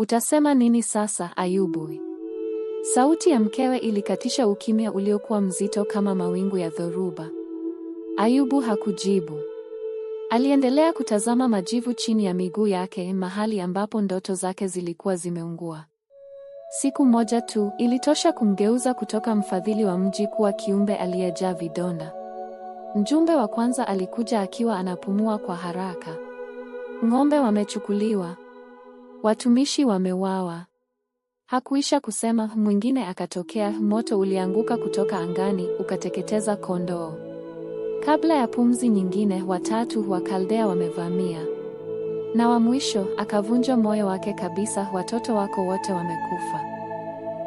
Utasema nini sasa, Ayubu? Sauti ya mkewe ilikatisha ukimya uliokuwa mzito kama mawingu ya dhoruba. Ayubu hakujibu. Aliendelea kutazama majivu chini ya miguu yake, mahali ambapo ndoto zake zilikuwa zimeungua. Siku moja tu ilitosha kumgeuza kutoka mfadhili wa mji kuwa kiumbe aliyejaa vidonda. Mjumbe wa kwanza alikuja akiwa anapumua kwa haraka. Ng'ombe wamechukuliwa. Watumishi wamewawa Hakuisha kusema, mwingine akatokea. Moto ulianguka kutoka angani ukateketeza kondoo. Kabla ya pumzi nyingine, watatu wa Kaldea wamevamia, na wa mwisho akavunjwa moyo wake kabisa. Watoto wako wote wamekufa.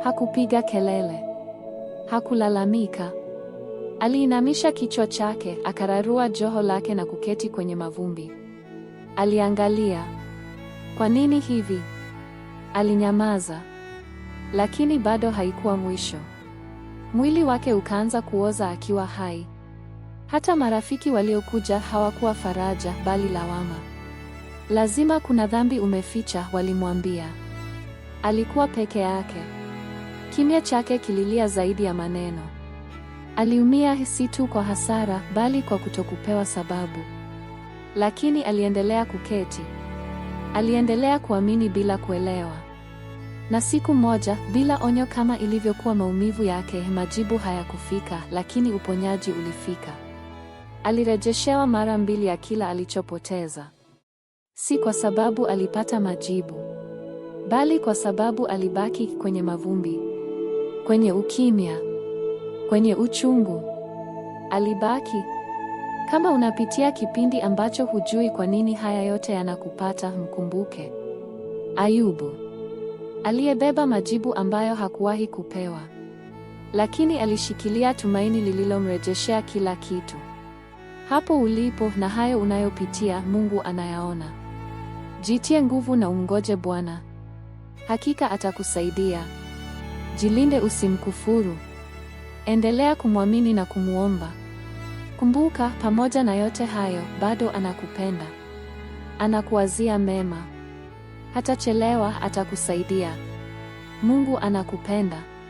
Hakupiga kelele, hakulalamika. Aliinamisha kichwa chake, akararua joho lake na kuketi kwenye mavumbi. Aliangalia kwa nini hivi? Alinyamaza, lakini bado haikuwa mwisho. Mwili wake ukaanza kuoza akiwa hai. Hata marafiki waliokuja hawakuwa faraja, bali lawama. Lazima kuna dhambi umeficha, walimwambia. Alikuwa peke yake. Kimya chake kililia zaidi ya maneno. Aliumia si tu kwa hasara, bali kwa kutokupewa sababu. Lakini aliendelea kuketi. Aliendelea kuamini bila kuelewa. Na siku moja, bila onyo kama ilivyokuwa maumivu yake, majibu hayakufika, lakini uponyaji ulifika. Alirejeshewa mara mbili ya kila alichopoteza. Si kwa sababu alipata majibu, bali kwa sababu alibaki kwenye mavumbi, kwenye ukimya, kwenye uchungu. Alibaki kama unapitia kipindi ambacho hujui kwa nini haya yote yanakupata, mkumbuke Ayubu aliyebeba majibu ambayo hakuwahi kupewa, lakini alishikilia tumaini lililomrejeshea kila kitu. Hapo ulipo na hayo unayopitia, Mungu anayaona. Jitie nguvu na umngoje Bwana, hakika atakusaidia. Jilinde, usimkufuru. Endelea kumwamini na kumwomba. Kumbuka, pamoja na yote hayo, bado anakupenda, anakuwazia mema, hatachelewa, atakusaidia. Mungu anakupenda.